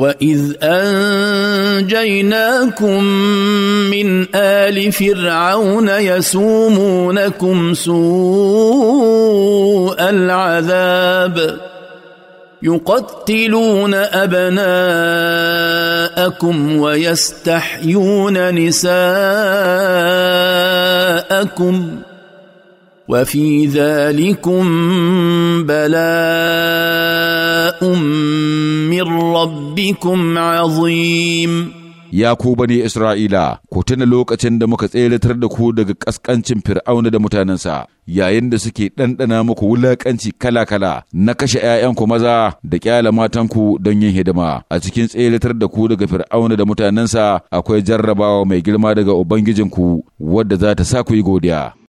واذ انجيناكم من ال فرعون يسومونكم سوء العذاب يقتلون ابناءكم ويستحيون نساءكم وفي ذلكم بلاء ربكم عظيم ya ku bane Isra'ila, ku tuna lokacin da muka tseratar da ku daga kaskancin Fir'auna da mutanensa, yayin da suke ɗanɗana muku wulaƙanci kala-kala na kashe ‘ya'yanku maza da ƙyala matanku don yin hidima. A cikin tseratar da ku daga Fir'auna da mutanensa akwai jarrabawa mai girma daga Ubangijinku wadda za ta sa ku yi godiya.